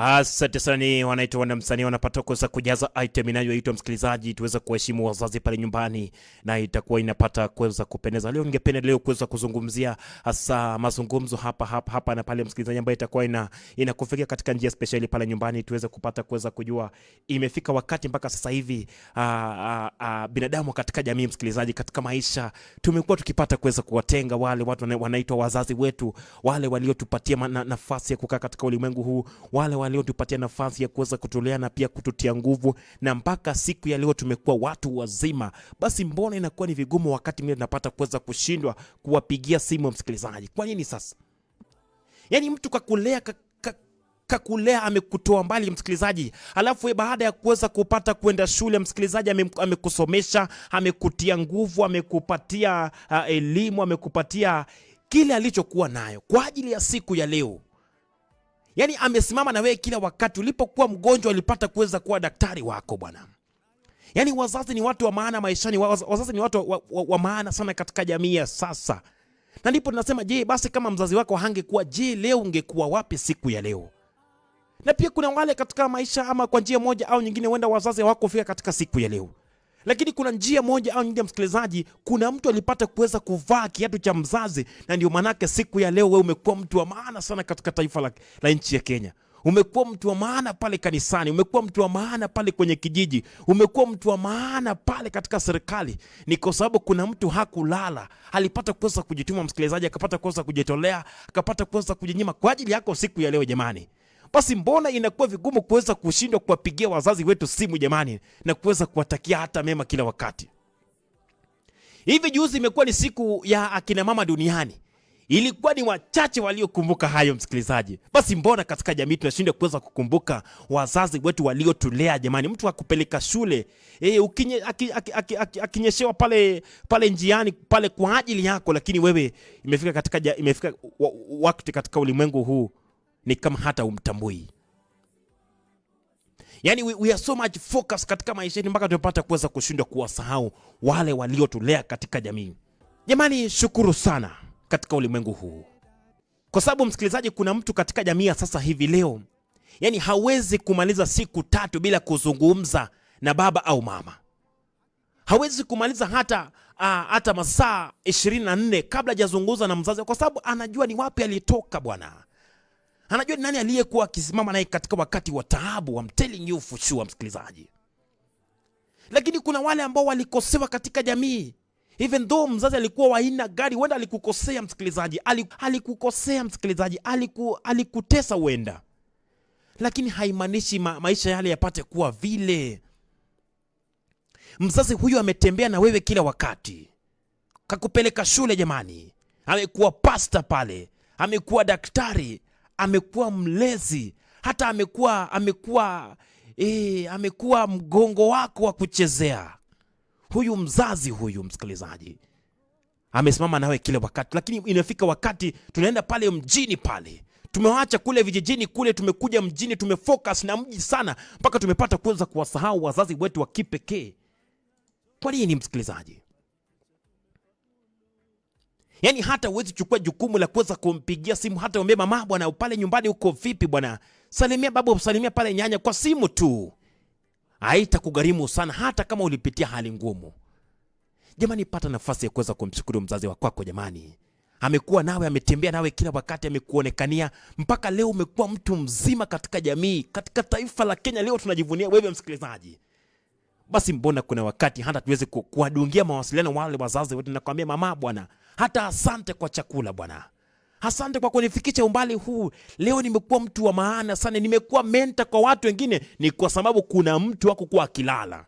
Asante sana, wanaitwa wana msanii wanapata kosa kujaza item inayoitwa msikilizaji, tuweze kuheshimu wazazi pale nyumbani, na itakuwa inapata kuweza kupendeza. Leo ningependa leo kuweza kuzungumzia hasa mazungumzo hapa hapa hapa na pale, msikilizaji, ambayo itakuwa ina inakufikia katika njia speciali pale nyumbani, tuweze kupata kuweza kujua imefika wakati mpaka sasa hivi a, ah, a, ah, ah, binadamu katika jamii, msikilizaji, katika maisha tumekuwa tukipata kuweza kuwatenga wale watu wanaitwa wazazi wetu, wale waliotupatia nafasi ya kukaa katika ulimwengu huu wale, wale tupatia nafasi ya kuweza kutolea na pia kututia nguvu, na mpaka siku ya leo tumekuwa watu wazima. Basi mbona inakuwa ni vigumu wakati mwingine tunapata kuweza kushindwa kuwapigia simu msikilizaji? Kwa nini sasa? Yaani mtu kakulea kakulea amekutoa mbali msikilizaji, alafu baada ya kuweza kupata kwenda shule msikilizaji, amekusomesha amekutia nguvu, amekupatia uh, elimu, amekupatia kile alichokuwa nayo kwa ajili ya siku ya leo. Yaani amesimama na wewe kila wakati. Ulipokuwa mgonjwa, alipata kuweza kuwa daktari wako Bwana. Yaani wazazi ni watu wa maana maishani, wazazi ni watu wa, wa, wa maana sana katika jamii ya sasa. Na ndipo tunasema je, basi kama mzazi wako hangekuwa, je, leo ungekuwa wapi siku ya leo? Na pia kuna wale katika maisha ama kwa njia moja au nyingine, huenda wazazi hawakufika katika siku ya leo. Lakini kuna njia moja au nyingine, msikilizaji, kuna mtu alipata kuweza kuvaa kiatu cha mzazi, na ndio maanake siku ya leo wewe umekuwa mtu wa maana sana katika taifa la, la nchi ya Kenya umekuwa mtu wa maana pale kanisani, umekuwa mtu wa maana pale kwenye kijiji, umekuwa mtu wa maana pale katika serikali. Ni kwa sababu kuna mtu hakulala, alipata kuweza kujituma, msikilizaji, akapata kuweza kujitolea, akapata kuweza kujinyima kwa ajili yako siku ya leo. Jamani, basi mbona inakuwa vigumu kuweza kushindwa kuwapigia wazazi wetu simu jamani, na kuweza kuwatakia hata mema kila wakati? Hivi juzi imekuwa ni siku ya akina mama duniani, ilikuwa ni wachache waliokumbuka hayo, msikilizaji. Basi mbona katika jamii tunashindwa kuweza kukumbuka wazazi wetu waliotulea jamani? Mtu akupeleka shule e, ukinye, akinyeshewa pale pale njiani pale kwa ajili yako, lakini wewe imefika katika, imefika wakati katika ulimwengu huu ni kama hata umtambui. Yani we, we are so much focus katika maisha yetu mpaka tumepata kuweza kushindwa kuwasahau wale waliotulea katika jamii. Jamani, shukuru sana katika ulimwengu huu, kwa sababu msikilizaji, kuna mtu katika jamii ya sasa hivi leo, yani hawezi kumaliza siku tatu bila kuzungumza na baba au mama, hawezi kumaliza hata a, hata masaa 24 kabla hajazungumza na mzazi, kwa sababu anajua ni wapi alitoka bwana Anajua ni nani aliyekuwa akisimama naye katika wakati wa taabu. I'm telling you for sure, msikilizaji. Lakini kuna wale ambao walikosewa katika jamii. Even though mzazi alikuwa waina gari, huenda alikukosea msikilizaji, alikukosea msikilizaji, aliku, alikutesa huenda, lakini haimaanishi ma, maisha yale yapate kuwa vile. Mzazi huyu ametembea na wewe kila wakati, kakupeleka shule jamani, amekuwa pasta pale, amekuwa daktari amekuwa mlezi, hata amekuwa amekuwa e, amekuwa mgongo wako wa kuchezea. Huyu mzazi huyu, msikilizaji, amesimama nawe kile wakati, lakini inafika wakati tunaenda pale mjini pale tumewacha kule vijijini kule, tumekuja mjini, tumefocus na mji sana, mpaka tumepata kuweza kuwasahau wazazi wetu wa kipekee. Kwa nini msikilizaji? Yaani hata uwezi chukua jukumu la kuweza kumpigia simu hata umwambie mama bwana, pale nyumbani uko vipi bwana? Salimia babu, salimia pale nyanya kwa simu tu. Haita kugharimu sana hata kama ulipitia hali ngumu. Jamani, pata nafasi ya kuweza kumshukuru mzazi wako wako jamani. Amekuwa nawe, ametembea nawe kila wakati, amekuonekania mpaka leo umekuwa mtu mzima katika jamii, katika taifa la Kenya leo tunajivunia wewe msikilizaji. Basi mbona kuna wakati hata tuweze kuwadungia mawasiliano wale wazazi wetu, nakwambia mama bwana hata asante kwa chakula Bwana. Asante kwa kunifikisha umbali huu. Leo nimekuwa mtu wa maana sana, nimekuwa menta kwa watu wengine. Ni kwa sababu kuna mtu hakukuwa akilala,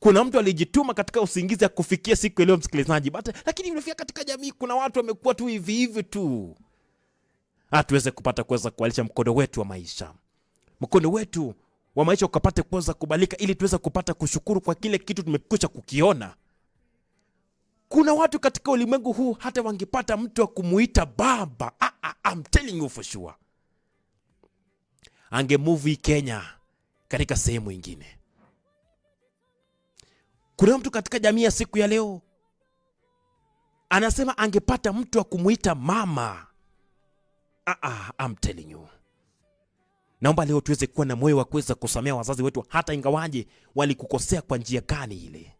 kuna mtu alijituma katika usingizi akufikia siku ya leo, msikilizaji. But lakini unafika katika jamii, kuna watu wamekuwa tu hivi hivi tu, hatuweze kupata kuweza kualisha mkondo wetu wa maisha, mkondo wetu wa maisha ukapate kuweza kubalika, ili tuweze kupata kushukuru kwa kile kitu tumekucha kukiona kuna watu katika ulimwengu huu hata wangepata mtu wa kumuita baba, ah, ah, ah I'm telling you for sure, angemuvi Kenya katika sehemu ingine. Kuna mtu katika jamii ya siku ya leo anasema angepata mtu wa kumuita mama. ah, ah, I'm telling you. Naomba leo tuweze kuwa na moyo wa kuweza kusamea wazazi wetu, hata ingawaje walikukosea kwa njia gani ile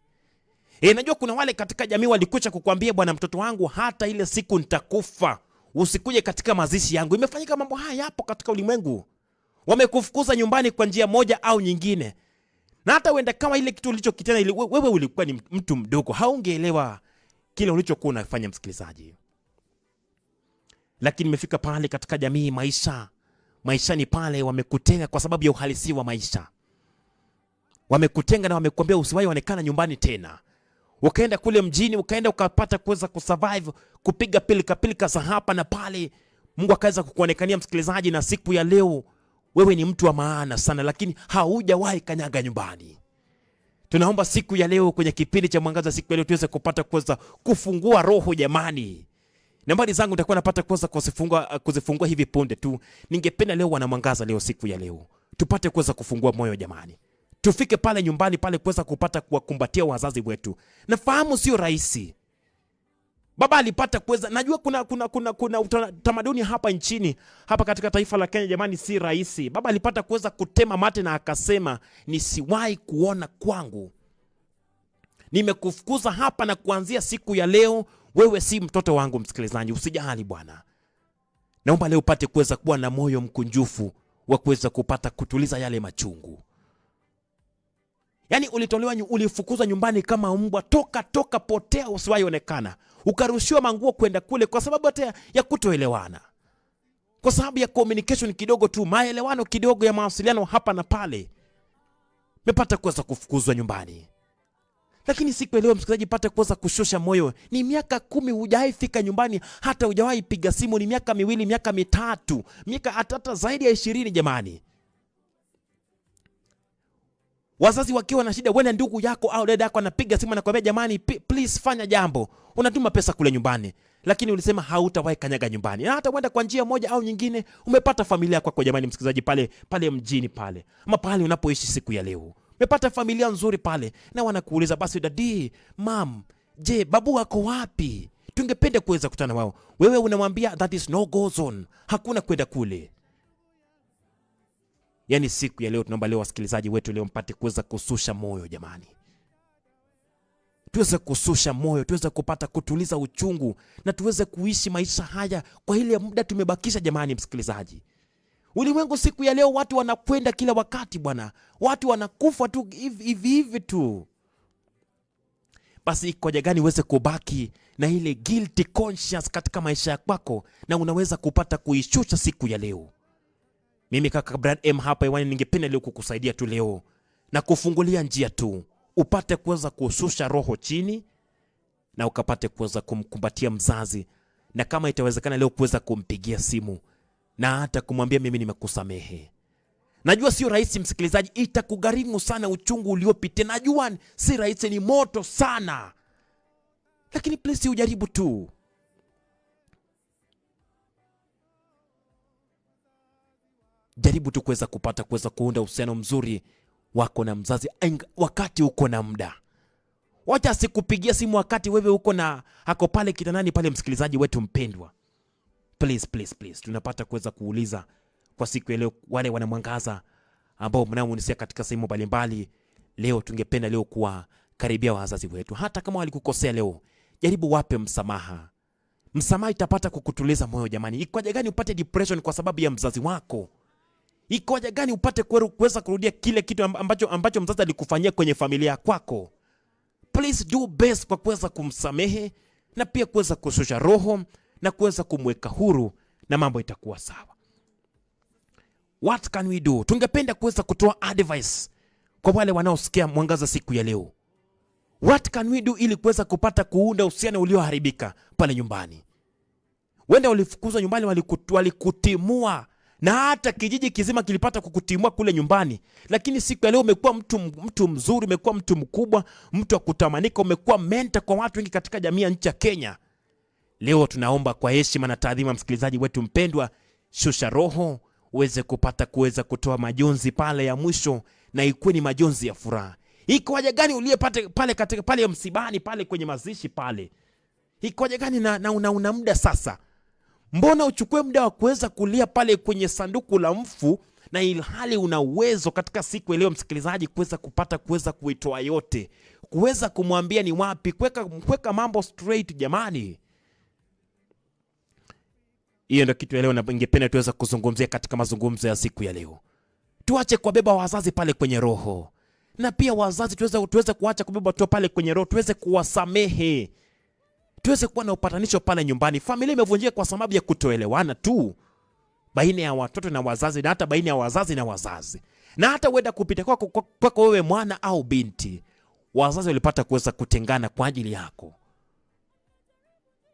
E, najua kuna wale katika jamii walikucha kukwambia bwana, mtoto wangu, hata ile siku nitakufa usikuje katika mazishi yangu. Imefanyika mambo haya hapo katika ulimwengu, wamekufukuza nyumbani kwa njia moja au nyingine, na hata uende kama ile kitu ulichokitenda ile, wewe ulikuwa ni mtu mdogo, haungeelewa kile ulichokuwa unafanya, msikilizaji. Lakini imefika pale katika jamii, maisha maishani pale wamekutenga kwa sababu ya uhalisi wa maisha, wamekutenga na wamekuambia usiwahi onekana nyumbani tena ukaenda kule mjini, ukaenda ukapata kuweza kusurvive kupiga pilika pilika za hapa na pale. Mungu akaweza kukuonekania msikilizaji, na siku ya leo wewe ni mtu wa maana sana, lakini haujawahi kanyaga nyumbani. Tunaomba siku ya leo kwenye kipindi cha Mwangaza, siku ya leo tuweze kupata kuweza kufungua roho jamani. Nambari zangu nitakuwa napata kuweza kuzifungua, kuzifungua hivi punde tu. Ningependa leo wana Mwangaza, leo siku ya leo tupate kuweza kufungua moyo jamani tufike pale nyumbani pale kuweza kupata kuwakumbatia wazazi wetu. Nafahamu sio rahisi. Baba alipata kuweza, najua kuna kuna kuna kuna utamaduni hapa nchini hapa katika taifa la Kenya, jamani, si rahisi. Baba alipata kuweza kutema mate na akasema, nisiwahi kuona kwangu, nimekufukuza hapa, na kuanzia siku ya leo wewe si mtoto wangu. Msikilizaji, usijali bwana, naomba leo upate kuweza kuwa na moyo mkunjufu wa kuweza kupata kutuliza yale machungu. Yaani ulitolewa, ulifukuzwa nyumbani kama mbwa, toka toka, potea, usiwaionekana onekana. Ukarushiwa manguo kwenda kule, kwa sababu hata ya kutoelewana, kwa sababu ya communication kidogo tu, maelewano kidogo ya mawasiliano hapa na pale, mepata kuweza kufukuzwa nyumbani. Lakini siku leo msikilizaji, pata kuweza kushusha moyo. Ni miaka kumi hujawahi fika nyumbani, hata hujawahi piga simu, ni miaka miwili, miaka mitatu, miaka hata zaidi ya ishirini, jamani Wazazi wakiwa na shida, wende ndugu yako au dada yako anapiga simu anakuambia, jamani, please fanya jambo, unatuma pesa kule nyumbani, lakini ulisema hautawahi kanyaga nyumbani, na hata wenda kwa njia moja au nyingine umepata familia kwako kwa, jamani msikilizaji, pale pale mjini pale ama pale unapoishi siku ya leo umepata familia nzuri pale, na wanakuuliza basi, dadi, mam, je, babu wako wapi? Tungependa kuweza kutana wao. Wewe unamwambia that is no go zone, hakuna kwenda kule. Yaani siku ya leo tunaomba leo wasikilizaji wetu leo mpate kuweza kususha moyo jamani, tuweze kususha moyo, tuweze kupata kutuliza uchungu na tuweze kuishi maisha haya kwa ile muda tumebakisha. Jamani msikilizaji, ulimwengu siku ya leo watu wanakwenda kila wakati bwana, watu wanakufa tu hivi hivi tu. Basi ikoja gani uweze kubaki na ile guilty conscience katika maisha ya kwako, na unaweza kupata kuishusha siku ya leo. Mimi kaka Brad M hapa iwani, ningependa leo kukusaidia tu leo na kufungulia njia tu upate kuweza kususha roho chini na ukapate kuweza kumkumbatia mzazi, na kama itawezekana leo kuweza kumpigia simu na hata kumwambia mimi nimekusamehe. Najua sio rahisi, msikilizaji, itakugharimu sana uchungu uliopitia. Najua si rahisi, ni moto sana, lakini please ujaribu tu. jaribu tu kuweza kupata kuweza kuunda uhusiano mzuri wako na mzazi wakati uko na muda. Wacha asikupigia simu wakati wewe uko na hako pale kitandani pale, msikilizaji wetu mpendwa. Please, please, please. Tunapata kuweza kuuliza kwa siku ya leo, wale wanamwangaza ambao mnaounisia katika sehemu mbalimbali, leo tungependa leo kuwa karibia wazazi wetu, hata kama walikukosea leo, jaribu wape msamaha. Msamaha itapata kukutuliza moyo jamani. Ikwaje gani upate depression kwa sababu ya mzazi wako? Iko haja gani upate kuweza kurudia kile kitu ambacho, ambacho mzazi alikufanyia kwenye familia kwako? Please do best kwa kuweza kumsamehe na pia kuweza kushusha roho na kuweza kumweka huru na mambo itakuwa sawa. What can we do? Tungependa kuweza kutoa advice kwa wale wanaosikia mwangaza siku ya leo. What can we do ili kuweza kupata kuunda uhusiano ulioharibika pale nyumbani? Wenda walifukuzwa nyumbani, walikutimua na hata kijiji kizima kilipata kukutimua kule nyumbani, lakini siku ya leo umekuwa mtu, mtu mzuri, umekuwa mtu mkubwa, mtu wa kutamanika, umekuwa menta kwa watu wengi katika jamii ya nchi ya Kenya. Leo tunaomba kwa heshima na taadhima, msikilizaji wetu mpendwa, shusha roho uweze kupata kuweza kutoa majonzi pale ya mwisho, na ikuwe ni majonzi ya furaha. Iko Ikoaje gani uliyepata pale katika pale ya msibani pale kwenye mazishi pale, iko ikoaje gani na, na una, una muda sasa Mbona uchukue muda wa kuweza kulia pale kwenye sanduku la mfu, na ilhali una uwezo katika siku leo, msikilizaji, kuweza kupata kuweza kuitoa yote, kuweza kumwambia ni wapi kuweka kuweka mambo straight. Jamani, hiyo ndio kitu leo, ningependa tuweza kuzungumzia katika mazungumzo ya siku ya leo. Tuache kuwabeba wazazi pale kwenye roho, na pia wazazi tuweze tuweze kuacha kubeba tu pale kwenye roho, tuweze kuwasamehe tuweze kuwa na upatanisho pale nyumbani. Familia imevunjika kwa sababu ya kutoelewana tu baina ya watoto na wazazi na hata baina ya wazazi na wazazi, na hata uenda kupita kwako kwa, kwa, kwa wewe mwana au binti, wazazi walipata kuweza kutengana kwa ajili yako.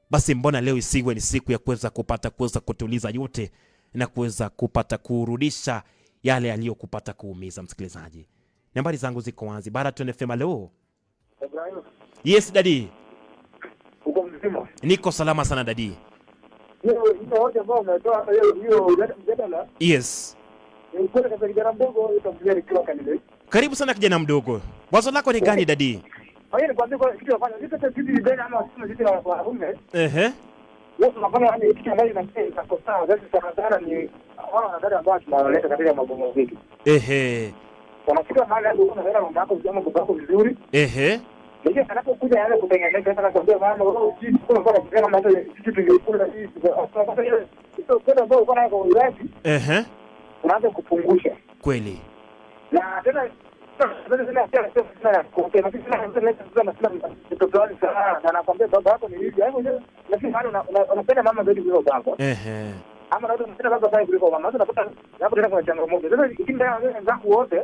Basi mbona leo isiwe ni siku ya kuweza kupata kuweza kutuliza yote na kuweza kupata kurudisha yale yaliyokupata kuumiza. Msikilizaji, nambari zangu ziko wazi, Baada tunafema leo. Yes, dadi mzima? Niko salama sana dadi. Yes. Karibu sana kijana mdogo, wazo lako ni gani dadi? Ehe. Yaani Ehe. Unajua anapokuja yale kutengeneza hata nakwambia maana wewe kitu kama kwa kufanya kama hata kitu tungekula hivi. Sasa hiyo sio ambao uko nayo kwa ulaji. Ehe. Unaanza kupungusha. Kweli. Na tena mama zaidi kuliko baba. Ehe. Ama na unapenda baba zaidi kuliko mama. changamoto. wote.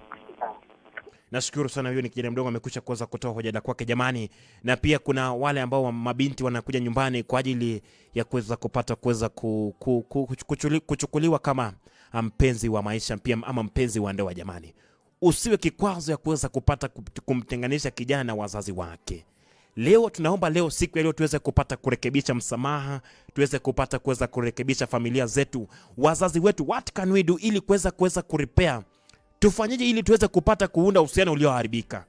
Nashukuru sana, huyo ni kijana mdogo amekusha kuweza kutoa hoja kwake jamani. Na pia kuna wale ambao mabinti wanakuja nyumbani kwa ajili ya kuweza kupata kuweza kuchukuliwa kama ah, mpenzi wa maisha pia ama mpenzi wa ndoa. Jamani, usiwe kikwazo ya kuweza kupata kumtenganisha kijana na wazazi wake. Leo tunaomba leo, siku ya leo tuweze kupata kurekebisha msamaha, tuweze kupata kuweza kurekebisha familia zetu, wazazi wetu, what can we do, ili kuweza kuweza kuripea Tufanyeje ili tuweze kupata kuunda uhusiano ulioharibika?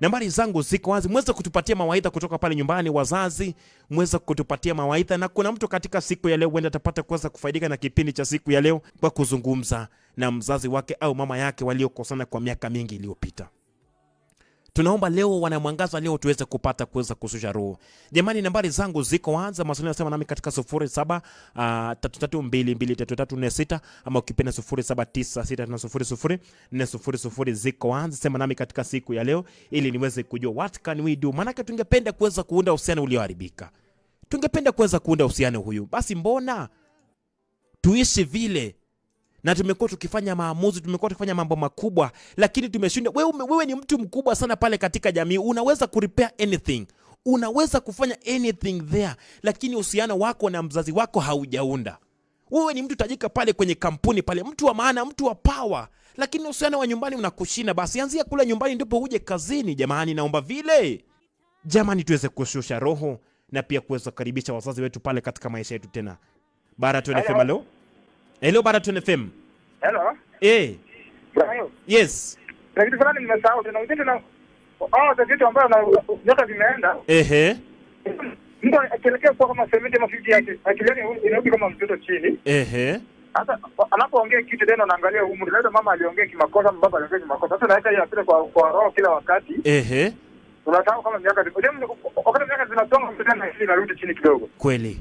Nambari zangu ziko wazi, mweze kutupatia mawaidha kutoka pale nyumbani. Wazazi mweze kutupatia mawaidha, na kuna mtu katika siku ya leo huenda atapata kuweza kufaidika na kipindi cha siku ya leo kwa kuzungumza na mzazi wake au mama yake waliokosana kwa miaka mingi iliyopita. Tunaomba leo wanamwangaza leo tuweze kupata kuweza kushusha roho. Jamani, nambari zangu ziko wazi, mawasiliano yanasema nami katika 07 3322336 ah, ama ukipenda 0796600000 ziko wazi, sema nami katika siku ya leo ili niweze kujua what can we do. Maana tungependa kuweza kuunda uhusiano ulioharibika. Tungependa kuweza kuunda uhusiano huyu. Basi mbona tuishi vile na tumekuwa tukifanya maamuzi, tumekuwa tukifanya mambo makubwa, lakini tumeshindwa. Wewe, wewe ni mtu mkubwa sana pale katika jamii, unaweza kurepair anything, unaweza kufanya anything there, lakini uhusiano wako na mzazi wako haujaunda. Wewe ni mtu tajika pale kwenye kampuni pale, mtu wa maana, mtu wa power, lakini uhusiano wa nyumbani unakushina. Basi anzia kule nyumbani ndipo uje kazini. Jamani, naomba vile jamani, tuweze kushusha roho na pia kuweza kukaribisha wazazi wetu pale katika maisha yetu tena. Bara tu FM leo Hello Baraton FM. Hello. Eh. Hey. Yes. Na kitu fulani nimesahau tena ujende na oh the kitu ambayo na nyota zimeenda. Ehe. Mtu akielekea kwa kama 70 ama 50 yake, akiliani inarudi kama mtoto chini. Ehe. Sasa anapoongea kitu tena unaangalia umri. Labda mama aliongea kimakosa, baba aliongea kimakosa. Sasa naweka hiyo asili kwa kwa roho kila wakati. Ehe. unataka kama miaka wakati miaka zinasonga, mtu tena hivi inarudi chini kidogo. Kweli.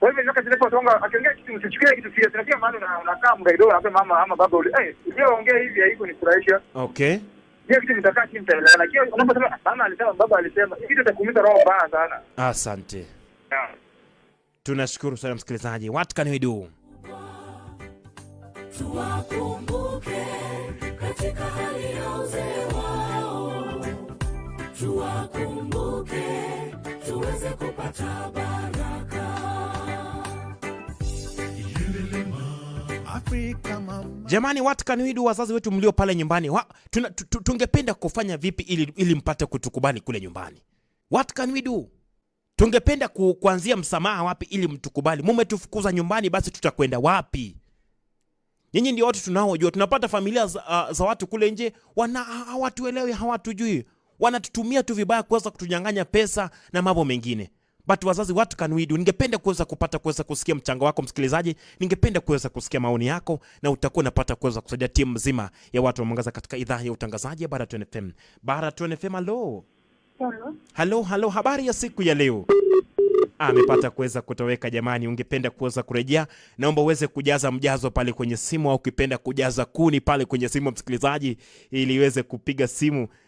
Kwa hivyo nyoka zile kwa akiongea kitu msichukie kitu serious, lakini maana una unakaa muda kidogo na mama ama baba ule, eh, yeye ongea hivi haiko ni furahisha Okay. Yeye kitu nitakaa chini tena, lakini unaposema mama alisema, baba alisema, hivi tutakuumiza roho mbaya sana. Asante. Yeah. Tunashukuru sana msikilizaji. What can we do? Tuwakumbuke katika hali ya uzee wao. Tuwakumbuke tuweze kupata baraka. Jamani, what can we do? Wazazi wetu mlio pale nyumbani, tungependa kufanya vipi ili, ili mpate kutukubani kule nyumbani? What can we do? Tungependa kuanzia msamaha wapi ili mtukubali? Mumetufukuza nyumbani, basi tutakwenda wapi? Nyinyi ndio watu tunaojua. Tunapata familia za, uh, za watu kule nje, wana hawatuelewi, hawatujui, wanatutumia tu vibaya kuweza kutunyang'anya pesa na mambo mengine but wazazi, what can we do? Ningependa kuweza kupata kuweza kusikia mchango wako msikilizaji, ningependa kuweza kusikia maoni yako, na utakuwa unapata kuweza kusaidia timu mzima ya watu wa mwangaza katika idhaa ya utangazaji ya bara FM. bara FM, halo halo halo, habari ya siku ya leo? Ah, amepata kuweza kutoweka. Jamani, ungependa kuweza kurejea, naomba uweze kujaza mjazo pale kwenye simu, au ukipenda kujaza kuni pale kwenye simu msikilizaji, ili iweze kupiga simu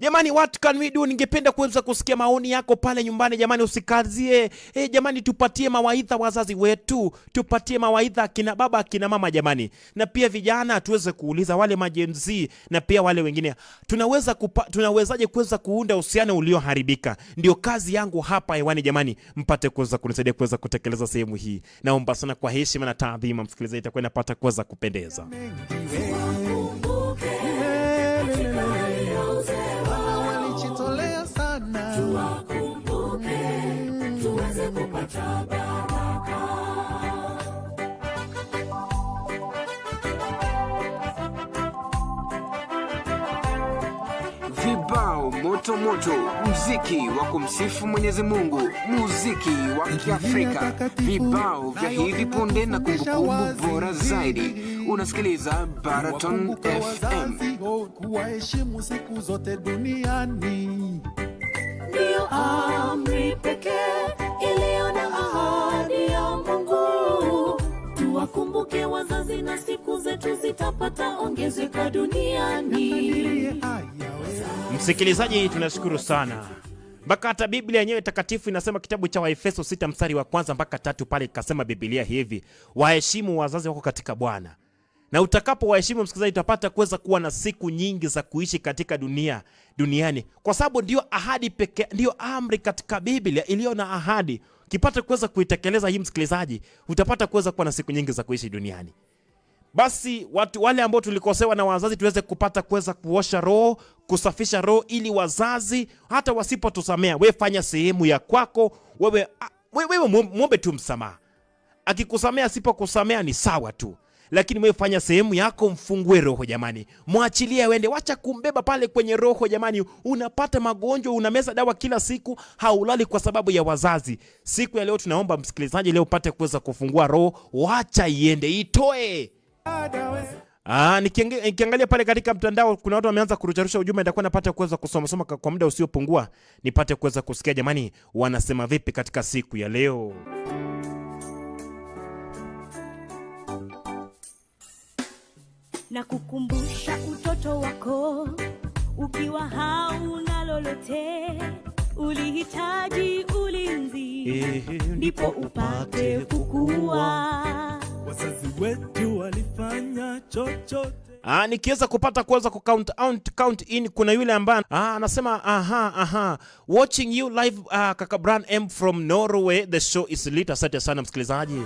Jamani, what can we do? Ningependa kuweza kusikia maoni yako pale nyumbani. Jamani, usikazie e, jamani, tupatie mawaidha wazazi wetu, tupatie mawaidha kina baba kina mama jamani, na pia vijana tuweze kuuliza wale majenzi na pia wale wengine, tunaweza kupa, tunawezaje kuweza kuunda uhusiano ulioharibika? Ndio kazi yangu hapa hewani jamani, mpate kuweza kunisaidia kuweza kutekeleza sehemu hii. Naomba sana kwa heshima na taadhima, msikilizaji, itakuwa inapata kuweza kupendeza uanze kupata baraka. Vibao moto moto, muziki wa kumsifu Mwenyezi Mungu, muziki wa Kiafrika, vibao vya hivi punde na kumbukumbu bora zaidi. Unasikiliza Baraton FM. Kuwaheshimu siku zote duniani ndio amri pekee. tusiwe wazazi na siku zetu zitapata ongezeka duniani. Msikilizaji, tunashukuru sana mpaka hata Biblia yenyewe takatifu inasema kitabu cha Waefeso sita mstari wa kwanza mpaka tatu pale ikasema Biblia hivi, waheshimu wazazi wako katika Bwana na utakapo waheshimu, msikilizaji, utapata kuweza kuwa na siku nyingi za kuishi katika dunia duniani, kwa sababu ndio ahadi pekee, ndio amri katika Biblia iliyo na ahadi kipata kuweza kuitekeleza hii, msikilizaji, utapata kuweza kuwa na siku nyingi za kuishi duniani. Basi watu wale ambao tulikosewa na wazazi tuweze kupata kuweza kuosha roho, kusafisha roho, ili wazazi hata wasipotusamea, we fanya sehemu ya kwako wewe, wewe muombe tu msamaha. Akikusamea asipokusamea ni sawa tu lakini mwefanya sehemu yako, mfungue roho jamani, mwachilie aende, wacha kumbeba pale kwenye roho jamani. Unapata magonjwa, unameza dawa kila siku, haulali kwa sababu ya wazazi. Siku ya leo tunaomba msikilizaji, leo upate kuweza kufungua roho, wacha iende, itoe Aa, ah, nikiangalia pale katika mtandao kuna watu wameanza kurusharusha ujumbe, nitakuwa napata kuweza kusoma soma kwa muda usiopungua, nipate kuweza kusikia jamani, wanasema vipi katika siku ya leo. na kukumbusha utoto wako, ukiwa hauna lolote, ulihitaji ulinzi, ndipo upate kukua. Wazazi wetu walifanya chochote Ah, nikiweza kupata kuweza ku count out count in, kuna yule ambaye ah, anasema aha aha, watching you live uh, kaka Bran M from Norway, the show is lit. Asante sana msikilizaji.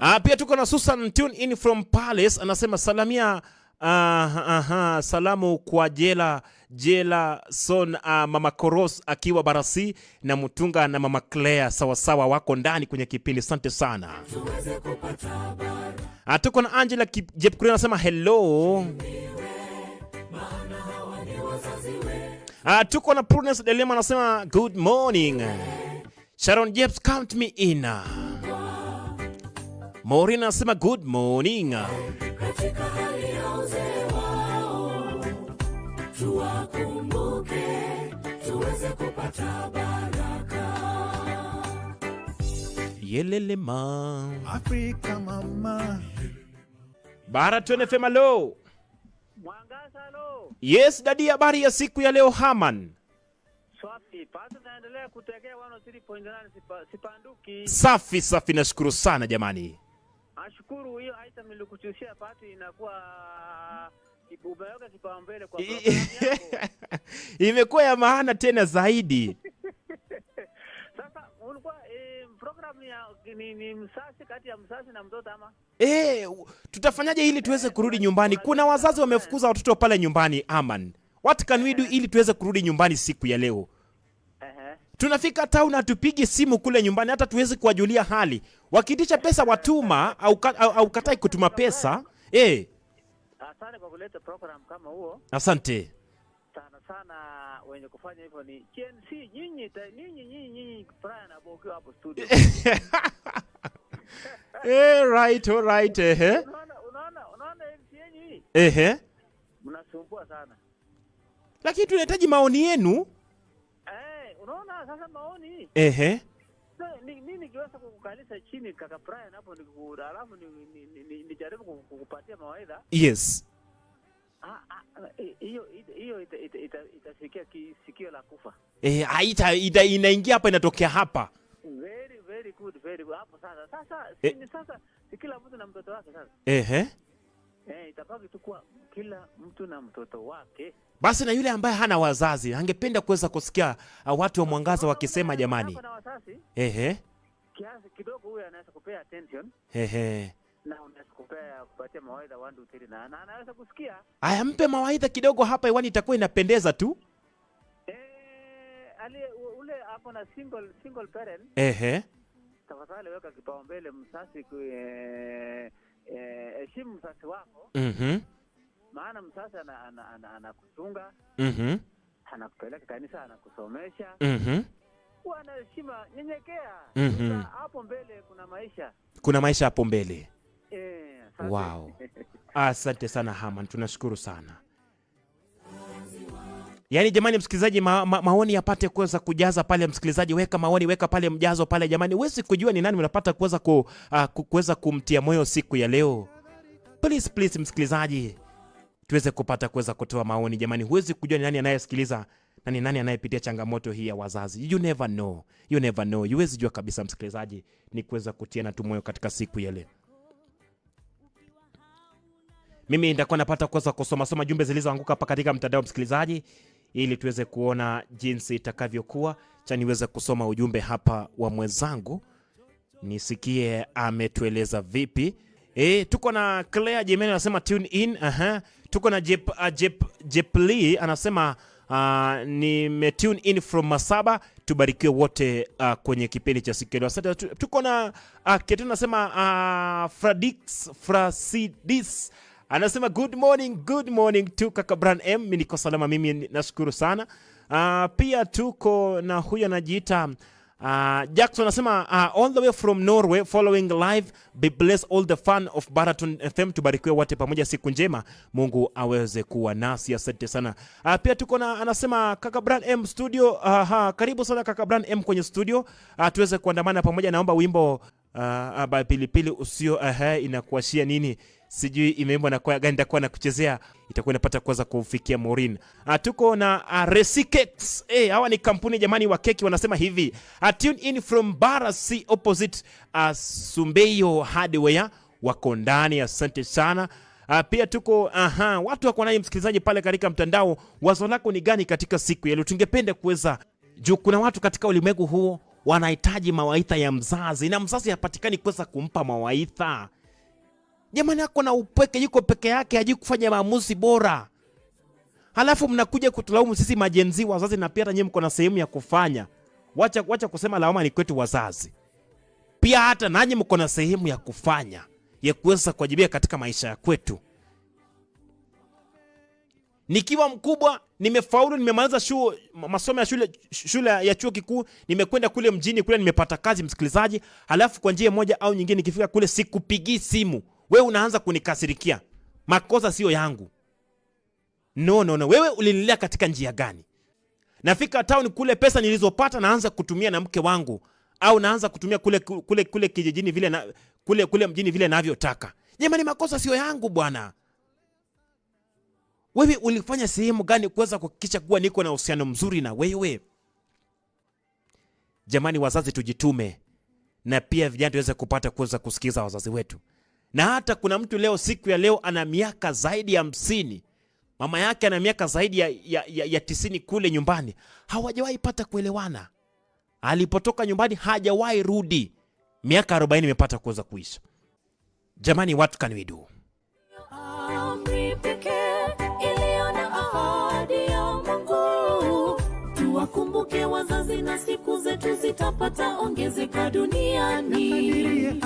Ah, pia tuko na Susan tune in from Palace anasema salamia Aha, aha, ah, salamu kwa Jela Jela Son, uh, Mama Koros akiwa Barasi na mutunga na Mama Claire, sawasawa, wako ndani kwenye kipindi. Asante sana. Ah, tuko na Angela Jepkuri anasema hello. Tuko na Prudence Delema anasema good morning. Sharon Jeps, count me in. Mori anasema good morning. Katika hali ya uzee wao, tuwakumbuke tuweze kupata baraka. Yelele ma Afrika mama. tuene fema lo Mwangaza lo. Yes, dadi, habari ya siku ya leo Haman? Safi safi, nashukuru sana jamani. Ashukuru hiyo item nilikuchushia pati inakuwa uh, umeweka kipaumbele kwa imekuwa ya maana tena zaidi. Sasa ulikuwa e, programu ya ni, ni msasi kati ya msasi na mtoto ama e, tutafanyaje ili tuweze eh, kurudi nyumbani? Kuna wazazi wamefukuza watoto pale nyumbani, Aman. What can we do ili tuweze kurudi nyumbani siku ya leo? tunafika town hatupigi simu kule nyumbani, hata tuwezi kuwajulia hali. Wakiitisha pesa watuma au, au, au katai kutuma pesa eh. Asante kwa kuleta program kama huo. Asante sana sana, wenye kufanya hivyo ni GNC. Nyinyi nyinyi nyinyi nyinyi, na Aboki hapo studio eh, right all right, eh, unaona unaona unaona MC yenyewe eh, mnasumbua sana, lakini tunahitaji maoni yenu sasa maoni ehe nini nikiweza kukukalisa chini kaka Brian hapo, alafu nijaribu kukupatia mawaidha. Yes, ah, ah, eh, hiyo itafikia kisikio la kufa. ehe haita inaingia hapa, inatokea hapa. Very very good, very good. Hapo sasa sasa, eh. sasa kila mtu na mtoto wake sasa. Ehe. Eh, itabaki tu kuwa kila mtu na mtoto wake. Basi na yule ambaye hana wazazi angependa kuweza kusikia uh, watu wa mwangaza wakisema jamani. Ehe. Kiasi kidogo anaweza kupea attention. Ehe. Na unaweza kupea kupatia mawaidha 1 2 3 na, anaweza kusikia. Aya, mpe mawaidha kidogo hapa iwani itakuwa inapendeza tu. Eh, ali ule hapo na single single parent. Ehe. Tafadhali weka kipaumbele heshimu mzazi wako mm -hmm. maana mzazi anakutunga mm -hmm. anakupeleka kanisa anakusomesha mm -hmm. kuwa na heshima, nyenyekea mm -hmm. hapo mbele kuna maisha, kuna maisha hapo mbele eh, wow. Asante sana Haman, tunashukuru sana. Yaani jamani, msikilizaji ma, ma, maoni yapate kuweza kujaza pale. Msikilizaji weka maoni, weka pale mjazo pale. Jamani, huwezi kujua ni nani unapata kuweza ku, uh, kuweza kumtia moyo siku ya leo. Please please, msikilizaji tuweze kupata kuweza kutoa maoni. Jamani, huwezi kujua ni nani anayesikiliza na ni nani anayepitia changamoto hii ya wazazi. You never know, you never know, huwezi jua kabisa msikilizaji. Ni kuweza kutiana tu moyo katika siku ya leo. Mimi nitakuwa napata kuweza kusoma soma jumbe zilizoanguka hapa katika mtandao msikilizaji ili tuweze kuona jinsi itakavyokuwa cha niweze kusoma ujumbe hapa wa mwenzangu nisikie ametueleza vipi. E, tuko na Claire Jemeni anasema tune in. Uh -huh. Tuko na Jep, uh, Jep, Lee anasema uh, nime tune in from Masaba. Tubarikiwe wote uh, kwenye kipindi cha siku. Asante. Tuko na uh, Ketuna anasema uh, Fradix Frasidis anasema good morning, good morning to kaka Bran M, mimi niko salama, mimi nashukuru sana. Uh, pia tuko na huyo anajiita Uh, Jackson anasema uh, all the way from Norway following live be bless all the fan of Baraton FM, tubarikiwe wote pamoja, siku njema, Mungu aweze kuwa nasi, asante sana. Uh, pia tuko na anasema kaka Brand M studio. Uh, ha, karibu sana kaka Brand M kwenye studio uh, tuweze kuandamana pamoja, naomba wimbo uh, pilipili usio uh, inakuashia nini sijui imeimbwa na kwaya gani itakuwa na kuchezea, itakuwa inapata kuweza kufikia Morin. Ah, Tuko na ah, Resi Cakes. Eh, hawa ni kampuni jamani wa keki wanasema hivi. Ah, tune in from C opposite uh, Sumbeyo Hardware wako ndani. Asante sana. Uh, pia tuko aha, watu wako naye msikilizaji pale katika mtandao. Wazo lako ni gani katika siku ya leo? Tungependa kuweza juu, kuna watu katika ulimwengu huo wanahitaji mawaidha ya mzazi na mzazi hapatikani kuweza kumpa mawaidha. Jamani, ako na upweke, yuko peke yake, hajikufanya maamuzi bora, halafu mnakuja kutulaumu sisi majenzi wazazi, na pia nyinyi mko na sehemu ya kufanya. Wacha, wacha kusema lawama ni kwetu wazazi, pia hata nanyi mko na sehemu ya kufanya ya kuweza kuwajibia katika maisha ya kwetu. Nikiwa mkubwa nimefaulu, nimemaliza shule, masomo ya shule, shule ya chuo kikuu, nimekwenda kule mjini kule, nimepata kazi msikilizaji, halafu kwa njia moja au nyingine, nikifika kule sikupigii simu wewe unaanza kunikasirikia, makosa sio yangu. No, no, no, wewe ulinilea katika njia gani? Nafika town kule, pesa nilizopata naanza kutumia na mke wangu, au naanza kutumia kule kule kule kijijini vile na kule kule mjini vile navyotaka. Jamani, makosa sio yangu bwana. Wewe ulifanya sehemu gani kuweza kuhakikisha kuwa niko na uhusiano mzuri na wewe? Jamani, wazazi tujitume, na pia vijana tuweze kupata kuweza kusikiza wazazi wetu. Na hata kuna mtu leo siku ya leo ana miaka zaidi ya hamsini, mama yake ana miaka zaidi ya, ya, ya, ya tisini kule nyumbani, hawajawahi pata kuelewana. Alipotoka nyumbani hajawahi rudi, miaka arobaini imepata kuweza kuisha. Jamani, what can we do? wazazi na siku zetu zitapata ongezeka duniani.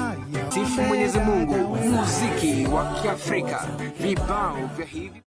Sifu Mwenyezi Mungu. Muziki wa Kiafrika, vibao vya hivi